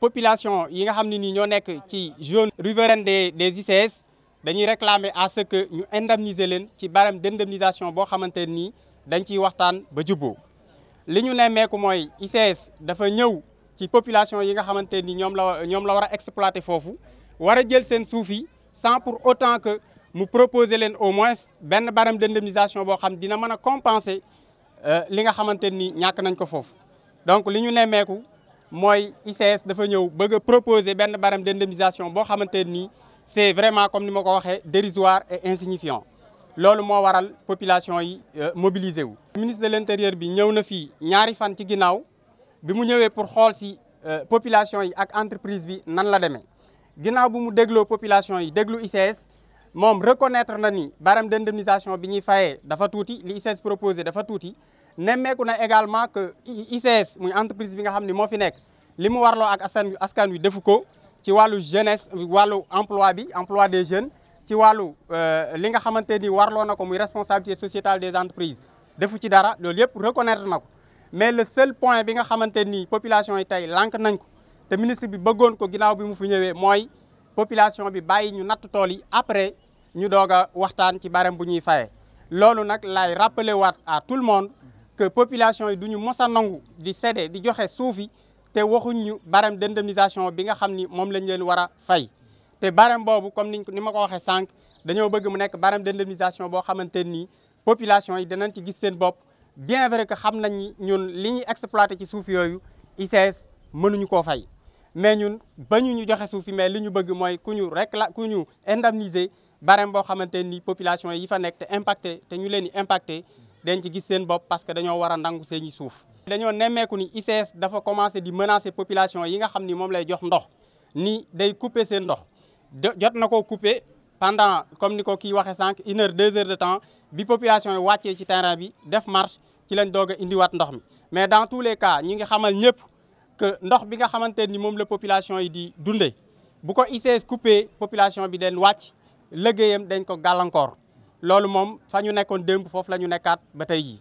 population yi nga xam ni ñoo nek ci zone riveraine des des ICS dañuy réclamer à ce que ñu indemniser leen ci barème d'indemnisation bo xamanteni ni dañ ci waxtaan ba jubboo li ñu nemmeeku mooy ICS dafa ñew ci population yi nga xamanteni ni la ñom la wara exploiter fofu wara jël sen soufi sans pour autant que nous proposer au moins ben barème d'indemnisation bo xam dina mën compenser compenser euh, li nga xamanteni ñak nañ ko foofu. donc li ñu nemmeeku mooy ICS dafa ñëw bëgg proposer ben barème d'indemnisation bo xamanteni ni c'est vraiment comme nima ko waxé dérisoire et insignifiant lolu mo waral population yi euh, mobilisé wu. ministre de l'intérieur bi ñëw na fi ñaari fan ci ginaaw bi mu ñëwé pour xol si euh, population yi ak entreprise bi nan la démé ginaaw bu mu déglo population yi déglu ICS mom reconnaître na ni barème d'indemnisation bi fayé dafa touti li ICS proposé dafa touti nemmeeku na également que ICS muy entreprise bi nga xamni ne moo fi nekk li mu ak askan wi defuko ci walu jeunesse walu emploi bi emploi des jeunes ci wàllu euh, li nga xamanteni warlo nako na muy responsabilité sociétale des entreprises defu ci dara loolu yëpp reconnaître nako mais le seul point bi nga xamanteni population yi tey lànk nañ ko te ministre bi bëggoon ko ginaaw bi mu fi ñëwé moy population bi bàyyi ñu natt tool yi après ñu doga waxtaan ci barème bu ñuy fayé lolu nak lay rappeler waat à tout le monde que population yi duñu ñu mos nangu di cédé di joxé soufi té te waxuñ ñu barème d'indemnisation bi nga xamni mom lañ leen wara fay té barème bobu comme niñ ni ma ko waxee sànq dañoo bëgg mu nekk barème d'indemnisation bo xamante population yi danañ ci gis seen bop bien vrai que xamnañ ñun li ñuy exploité ci suuf yooyu ICS mënuñu ko fay mais ñun bañu ñu joxé suuf mais li ñu bëgg moy ku ñu récla ku ñu indemniser barème boo xamante population yi fa nek té impacté té ñu leen impacté dañ ci gis seen bop parce que dañoo wara ndangu nangu seen suuf. dañoo nemmeeku ni ICS dafa commencé di menacer population yi nga xamni mom lay jox ndox ni day couper seen ndox jot nako couper pendant comme niko ki waxé waxee 1 heure 2 heures de temps bi population yi wàccee ci terrain bi def marche ci lañ doog indi indiwaat ndox mi mais dans tous les cas ñi nga xamal ñepp que ndox bi nga xamanteni mom moom la population yi di dundé bu ko ICS coupé population bi den wacc liggéeyam dañ ko gàllankoor loolu moom fa ñu nekkoon démb foofu la ñu nekkaat ba